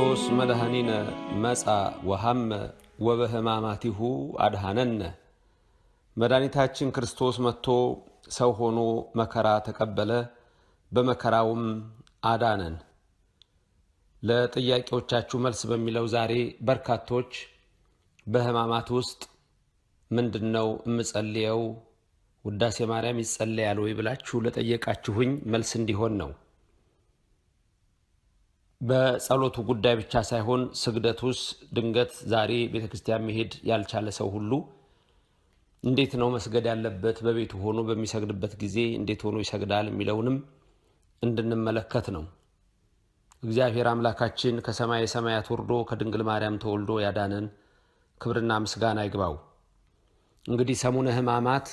ክርስቶስ መድኃኒነ መጻ ወሃመ ወበሕማማቲሁ አድሃነነ። መድኃኒታችን ክርስቶስ መጥቶ ሰው ሆኖ መከራ ተቀበለ፣ በመከራውም አዳነን። ለጥያቄዎቻችሁ መልስ በሚለው ዛሬ በርካቶች በህማማት ውስጥ ምንድን ነው የምጸልየው፣ ውዳሴ ማርያም ይጸለያል ወይ ብላችሁ ለጠየቃችሁኝ መልስ እንዲሆን ነው። በጸሎቱ ጉዳይ ብቻ ሳይሆን ስግደት ውስጥ ድንገት ዛሬ ቤተክርስቲያን መሄድ ያልቻለ ሰው ሁሉ እንዴት ነው መስገድ ያለበት፣ በቤቱ ሆኖ በሚሰግድበት ጊዜ እንዴት ሆኖ ይሰግዳል የሚለውንም እንድንመለከት ነው። እግዚአብሔር አምላካችን ከሰማይ የሰማያት ወርዶ ከድንግል ማርያም ተወልዶ ያዳነን ክብርና ምስጋና ይግባው። እንግዲህ ሰሙነ ሕማማት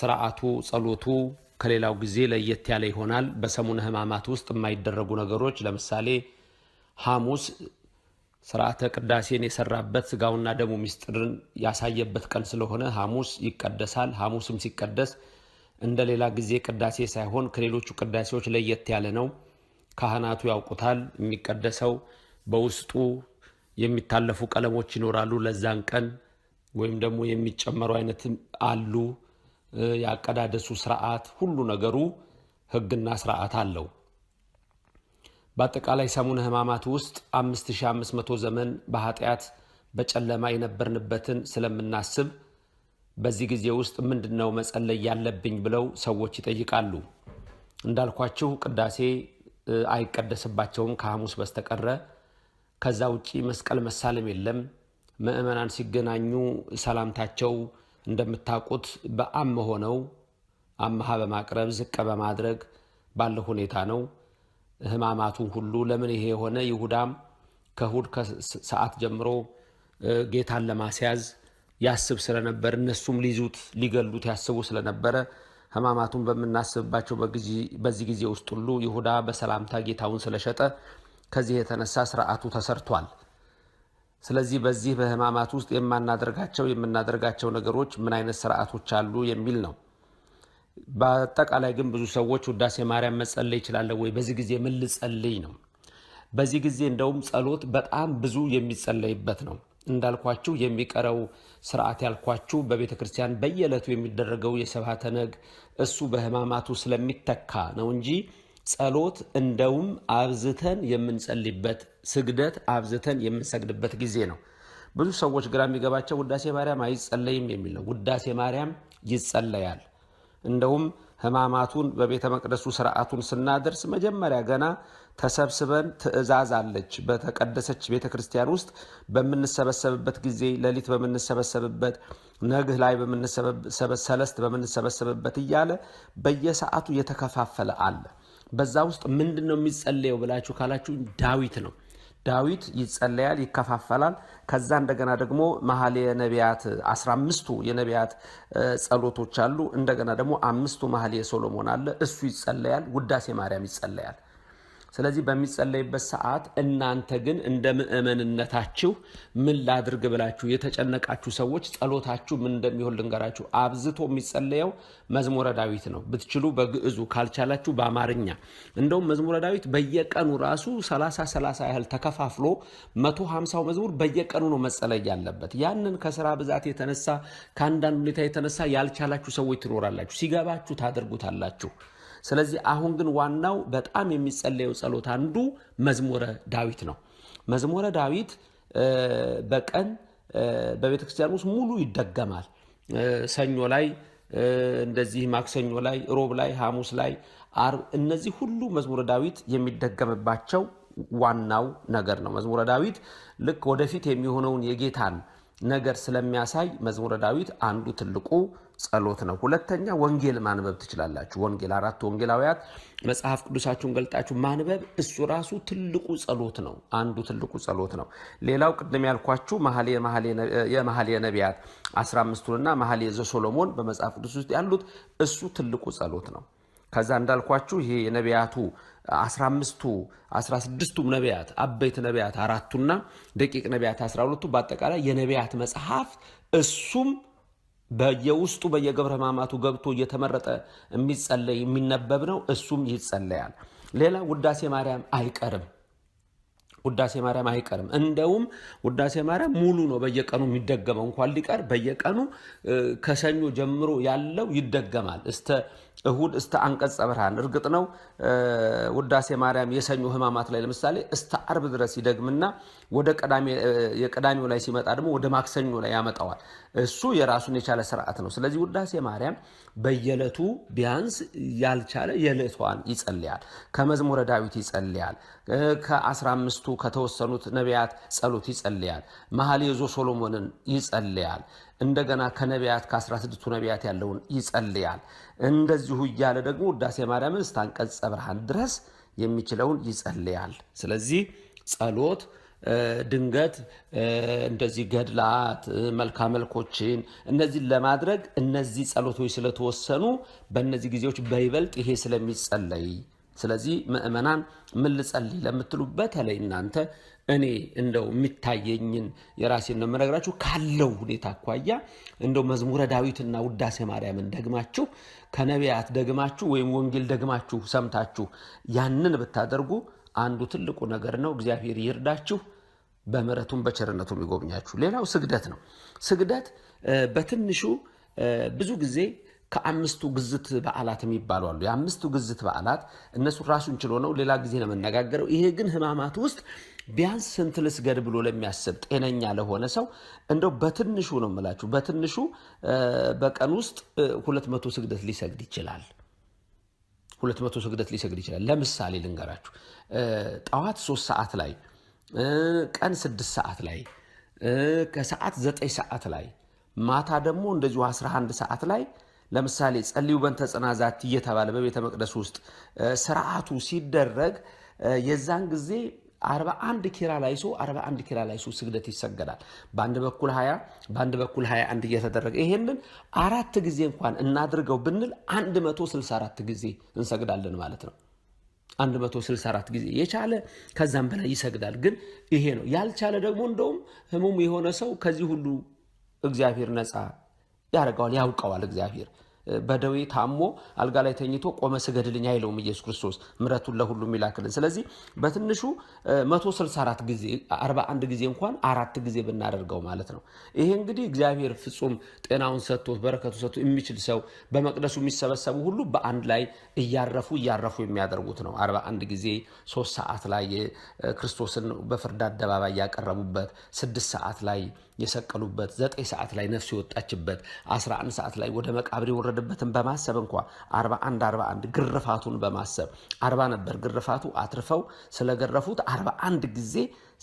ስርዓቱ ጸሎቱ ከሌላው ጊዜ ለየት ያለ ይሆናል። በሰሙነ ሕማማት ውስጥ የማይደረጉ ነገሮች ለምሳሌ ሐሙስ ስርዓተ ቅዳሴን የሰራበት ስጋውና ደሙ ሚስጥርን ያሳየበት ቀን ስለሆነ ሐሙስ ይቀደሳል። ሐሙስም ሲቀደስ እንደ ሌላ ጊዜ ቅዳሴ ሳይሆን ከሌሎቹ ቅዳሴዎች ለየት ያለ ነው። ካህናቱ ያውቁታል። የሚቀደሰው በውስጡ የሚታለፉ ቀለሞች ይኖራሉ። ለዛን ቀን ወይም ደግሞ የሚጨመሩ አይነት አሉ። የአቀዳደሱ ስርዓት ሁሉ ነገሩ ህግና ስርዓት አለው። በአጠቃላይ ሰሙነ ህማማት ውስጥ 5500 ዘመን በኃጢአት በጨለማ የነበርንበትን ስለምናስብ በዚህ ጊዜ ውስጥ ምንድነው መጸለይ ያለብኝ ብለው ሰዎች ይጠይቃሉ። እንዳልኳችሁ ቅዳሴ አይቀደስባቸውም ከሐሙስ በስተቀረ። ከዛ ውጪ መስቀል መሳለም የለም። ምዕመናን ሲገናኙ ሰላምታቸው እንደምታውቁት በአም ሆነው አምሃ በማቅረብ ዝቅ በማድረግ ባለው ሁኔታ ነው። ህማማቱን ሁሉ ለምን ይሄ የሆነ ይሁዳም ከሁድ ሰዓት ጀምሮ ጌታን ለማስያዝ ያስብ ስለነበር እነሱም ሊይዙት ሊገሉት ያስቡ ስለነበረ ህማማቱን በምናስብባቸው በዚህ ጊዜ ውስጥ ሁሉ ይሁዳ በሰላምታ ጌታውን ስለሸጠ ከዚህ የተነሳ ስርዓቱ ተሰርቷል። ስለዚህ በዚህ በህማማት ውስጥ የማናደርጋቸው የምናደርጋቸው ነገሮች ምን አይነት ስርዓቶች አሉ የሚል ነው። በአጠቃላይ ግን ብዙ ሰዎች ውዳሴ ማርያም መጸለይ ይችላለሁ ወይ? በዚህ ጊዜ ምን ልጸልይ ነው? በዚህ ጊዜ እንደውም ጸሎት በጣም ብዙ የሚጸለይበት ነው። እንዳልኳችሁ የሚቀረው ስርዓት ያልኳችሁ በቤተ ክርስቲያን በየዕለቱ የሚደረገው የሰብሐተ እሱ በህማማቱ ስለሚተካ ነው እንጂ ጸሎት እንደውም አብዝተን የምንጸልይበት ስግደት አብዝተን የምንሰግድበት ጊዜ ነው። ብዙ ሰዎች ግራ የሚገባቸው ውዳሴ ማርያም አይጸለይም የሚል ነው። ውዳሴ ማርያም ይጸለያል። እንደውም ሕማማቱን በቤተ መቅደሱ ስርዓቱን ስናደርስ መጀመሪያ ገና ተሰብስበን ትእዛዝ አለች። በተቀደሰች ቤተ ክርስቲያን ውስጥ በምንሰበሰብበት ጊዜ ሌሊት በምንሰበሰብበት ነግህ ላይ ሰለስት በምንሰበሰብበት እያለ በየሰዓቱ የተከፋፈለ አለ። በዛ ውስጥ ምንድን ነው የሚጸለየው ብላችሁ ካላችሁ ዳዊት ነው። ዳዊት ይጸለያል፣ ይከፋፈላል። ከዛ እንደገና ደግሞ መሀል የነቢያት አስራ አምስቱ የነቢያት ጸሎቶች አሉ። እንደገና ደግሞ አምስቱ መሀል የሶሎሞን አለ፣ እሱ ይጸለያል። ውዳሴ ማርያም ይጸለያል። ስለዚህ በሚጸለይበት ሰዓት እናንተ ግን እንደ ምእመንነታችሁ ምን ላድርግ ብላችሁ የተጨነቃችሁ ሰዎች ጸሎታችሁ ምን እንደሚሆን ልንገራችሁ። አብዝቶ የሚጸለየው መዝሙረ ዳዊት ነው። ብትችሉ በግዕዙ ካልቻላችሁ በአማርኛ እንደውም መዝሙረ ዳዊት በየቀኑ ራሱ 30 30 ያህል ተከፋፍሎ 150ው መዝሙር በየቀኑ ነው መጸለይ ያለበት። ያንን ከስራ ብዛት የተነሳ ከአንዳንድ ሁኔታ የተነሳ ያልቻላችሁ ሰዎች ትኖራላችሁ። ሲገባችሁ ታደርጉታላችሁ። ስለዚህ አሁን ግን ዋናው በጣም የሚጸለየው ጸሎት አንዱ መዝሙረ ዳዊት ነው። መዝሙረ ዳዊት በቀን በቤተ ክርስቲያን ውስጥ ሙሉ ይደገማል። ሰኞ ላይ እንደዚህ፣ ማክሰኞ ላይ፣ ሮብ ላይ፣ ሐሙስ ላይ፣ አርብ እነዚህ ሁሉ መዝሙረ ዳዊት የሚደገምባቸው ዋናው ነገር ነው። መዝሙረ ዳዊት ልክ ወደፊት የሚሆነውን የጌታን ነገር ስለሚያሳይ መዝሙረ ዳዊት አንዱ ትልቁ ጸሎት ነው። ሁለተኛ ወንጌል ማንበብ ትችላላችሁ። ወንጌል አራት ወንጌላውያት መጽሐፍ ቅዱሳችሁን ገልጣችሁ ማንበብ እሱ ራሱ ትልቁ ጸሎት ነው። አንዱ ትልቁ ጸሎት ነው። ሌላው ቅድም ያልኳችሁ የመሀል ነቢያት 15ቱንና መኃልየ ዘሶሎሞን በመጽሐፍ ቅዱስ ውስጥ ያሉት እሱ ትልቁ ጸሎት ነው። ከዛ እንዳልኳችሁ ይሄ የነቢያቱ 15ቱ 16ቱ ነቢያት አበይት ነቢያት አራቱና ደቂቅ ነቢያት 12ቱ በአጠቃላይ የነቢያት መጽሐፍ እሱም በየውስጡ በየገብረ ሕማማቱ ገብቶ እየተመረጠ የሚጸለይ የሚነበብ ነው። እሱም ይጸለያል። ሌላ ውዳሴ ማርያም አይቀርም። ውዳሴ ማርያም አይቀርም። እንደውም ውዳሴ ማርያም ሙሉ ነው በየቀኑ የሚደገመው እንኳን ሊቀር በየቀኑ ከሰኞ ጀምሮ ያለው ይደገማል እስተ እሁድ እስተ አንቀጸ ብርሃን። እርግጥ ነው ውዳሴ ማርያም የሰኞ ህማማት ላይ ለምሳሌ እስተ አርብ ድረስ ይደግምና ወደ የቀዳሚው ላይ ሲመጣ ደግሞ ወደ ማክሰኞ ላይ ያመጣዋል። እሱ የራሱን የቻለ ስርዓት ነው። ስለዚህ ውዳሴ ማርያም በየዕለቱ ቢያንስ ያልቻለ የለቷን ይጸልያል። ከመዝሙረ ዳዊት ይጸልያል። ከአስራ አምስቱ ከተወሰኑት ነቢያት ጸሎት ይጸልያል። መሀል የዞ ሶሎሞንን ይጸልያል። እንደገና ከነቢያት ከ16ቱ ነቢያት ያለውን ይጸልያል። እንደዚሁ እያለ ደግሞ ውዳሴ ማርያምን እስከ አንቀጸ ብርሃን ድረስ የሚችለውን ይጸልያል። ስለዚህ ጸሎት ድንገት እንደዚህ ገድላት፣ መልካ መልኮችን እነዚህን ለማድረግ እነዚህ ጸሎቶች ስለተወሰኑ በእነዚህ ጊዜዎች በይበልጥ ይሄ ስለሚጸለይ ስለዚህ ምእመናን ምን ልጸልይ ለምትሉ በተለይ እናንተ እኔ እንደው የሚታየኝን የራሴን ነው የምነግራችሁ። ካለው ሁኔታ አኳያ እንደው መዝሙረ ዳዊትና ውዳሴ ማርያምን ደግማችሁ ከነቢያት ደግማችሁ ወይም ወንጌል ደግማችሁ ሰምታችሁ ያንን ብታደርጉ አንዱ ትልቁ ነገር ነው። እግዚአብሔር ይርዳችሁ፣ በምሕረቱም በቸርነቱም ይጎብኛችሁ። ሌላው ስግደት ነው። ስግደት በትንሹ ብዙ ጊዜ ከአምስቱ ግዝት በዓላት የሚባሉ አሉ። የአምስቱ ግዝት በዓላት እነሱ ራሱን ችሎ ነው፣ ሌላ ጊዜ ነው የምነጋገረው። ይሄ ግን ህማማት ውስጥ ቢያንስ ስንት ልስገድ ብሎ ለሚያስብ ጤነኛ ለሆነ ሰው እንደው በትንሹ ነው የምላችሁ፣ በትንሹ በቀን ውስጥ ሁለት መቶ ስግደት ሊሰግድ ይችላል። ሁለት መቶ ስግደት ሊሰግድ ይችላል። ለምሳሌ ልንገራችሁ፣ ጠዋት ሶስት ሰዓት ላይ፣ ቀን ስድስት ሰዓት ላይ፣ ከሰዓት ዘጠኝ ሰዓት ላይ፣ ማታ ደግሞ እንደዚሁ 11 ሰዓት ላይ ለምሳሌ ጸልዩ በእንተ ጽናዛት እየተባለ በቤተ መቅደስ ውስጥ ስርዓቱ ሲደረግ የዛን ጊዜ 41 ኪራ ላይሶ 41 ኪራ ላይሶ ስግደት ይሰገዳል። በአንድ በኩል 20 በአንድ በኩል 21 እየተደረገ ይሄንን አራት ጊዜ እንኳን እናድርገው ብንል 164 ጊዜ እንሰግዳለን ማለት ነው። 164 ጊዜ የቻለ ከዛም በላይ ይሰግዳል። ግን ይሄ ነው። ያልቻለ ደግሞ እንደውም ህሙም የሆነ ሰው ከዚህ ሁሉ እግዚአብሔር ነፃ ያደርገዋል፣ ያውቀዋል። እግዚአብሔር በደዌ ታሞ አልጋ ላይ ተኝቶ ቆመ ስገድልኝ አይለውም። ኢየሱስ ክርስቶስ ምረቱን ለሁሉም ይላክልን። ስለዚህ በትንሹ 164 ጊዜ 41 ጊዜ እንኳን አራት ጊዜ ብናደርገው ማለት ነው። ይሄ እንግዲህ እግዚአብሔር ፍጹም ጤናውን ሰጥቶ በረከቱ ሰጥቶ የሚችል ሰው በመቅደሱ የሚሰበሰቡ ሁሉ በአንድ ላይ እያረፉ እያረፉ የሚያደርጉት ነው። 41 ጊዜ ሶስት ሰዓት ላይ ክርስቶስን በፍርድ አደባባይ ያቀረቡበት ስድስት ሰዓት ላይ የሰቀሉበት ዘጠኝ ሰዓት ላይ ነፍሱ የወጣችበት 11 ሰዓት ላይ ወደ መቃብር የወረደበትን በማሰብ እንኳ 41 41 ግርፋቱን በማሰብ 40 ነበር ግርፋቱ አትርፈው ስለገረፉት 41 ጊዜ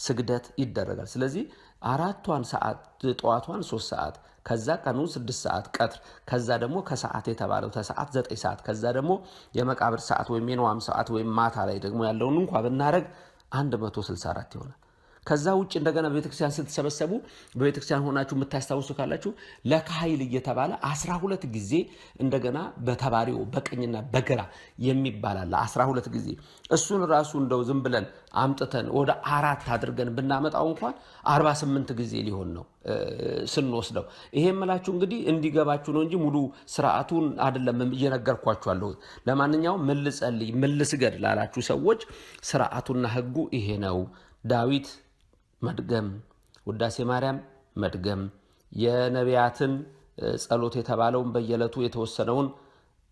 ስግደት ይደረጋል። ስለዚህ አራቷን ሰዓት ጠዋቷን ሶስት ሰዓት ከዛ ቀኑ ስድስት ሰዓት ቀትር ከዛ ደግሞ ከሰዓት የተባለው ተሰዓት ዘጠኝ ሰዓት ከዛ ደግሞ የመቃብር ሰዓት ወይም የነዋም ሰዓት ወይም ማታ ላይ ደግሞ ያለውን እንኳ ብናደረግ 164 ይሆናል። ከዛ ውጭ እንደገና በቤተክርስቲያን ስትሰበሰቡ በቤተክርስቲያን ሆናችሁ የምታስታውሱ ካላችሁ ለካሀይል እየተባለ አስራ ሁለት ጊዜ እንደገና በተባሪው በቀኝና በግራ የሚባል አለ። አስራ ሁለት ጊዜ እሱን ራሱ እንደው ዝም ብለን አምጥተን ወደ አራት አድርገን ብናመጣው እንኳን አርባ ስምንት ጊዜ ሊሆን ነው ስንወስደው። ይሄ የምላችሁ እንግዲህ እንዲገባችሁ ነው እንጂ ሙሉ ስርዓቱን አይደለም እየነገርኳችሁ አለሁት። ለማንኛውም ምልጸልይ ምልስገድ ላላችሁ ሰዎች ስርዓቱና ህጉ ይሄ ነው ዳዊት መድገም፣ ውዳሴ ማርያም መድገም፣ የነቢያትን ጸሎት የተባለውን በየዕለቱ የተወሰነውን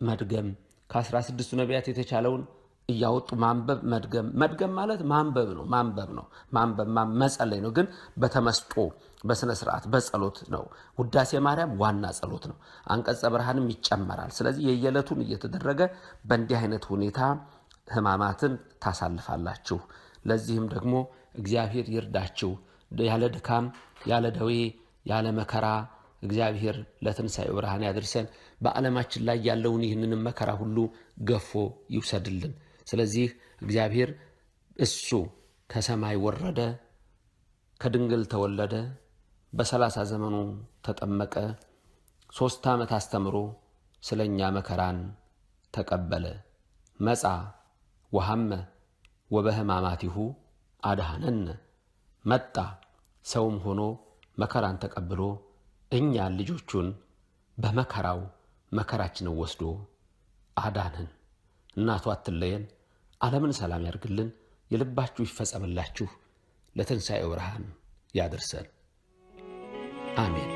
መድገም፣ ከአስራ ስድስቱ ነቢያት የተቻለውን እያወጡ ማንበብ መድገም። መድገም ማለት ማንበብ ነው ማንበብ ነው ማንበብ መጸለይ ነው፣ ግን በተመስጦ በስነ ስርዓት በጸሎት ነው። ውዳሴ ማርያም ዋና ጸሎት ነው። አንቀጸ ብርሃንም ይጨመራል። ስለዚህ የየዕለቱን እየተደረገ በእንዲህ አይነት ሁኔታ ህማማትን ታሳልፋላችሁ። ለዚህም ደግሞ እግዚአብሔር ይርዳችሁ። ያለ ድካም፣ ያለ ደዌ፣ ያለ መከራ እግዚአብሔር ለትንሣኤው ብርሃን ያድርሰን። በዓለማችን ላይ ያለውን ይህንን መከራ ሁሉ ገፎ ይውሰድልን። ስለዚህ እግዚአብሔር እሱ ከሰማይ ወረደ፣ ከድንግል ተወለደ፣ በሰላሳ ዘመኑ ተጠመቀ፣ ሦስት ዓመት አስተምሮ ስለ እኛ መከራን ተቀበለ። መጻ ወሐመ ወበሕማማቲሁ አድሃነን መጣ ሰውም ሆኖ መከራን ተቀብሎ እኛን ልጆቹን በመከራው መከራችንን ወስዶ አዳንን። እናቱ አትለየን፣ ዓለምን ሰላም ያርግልን፣ የልባችሁ ይፈጸምላችሁ፣ ለትንሣኤው ብርሃን ያድርሰን። አሜን።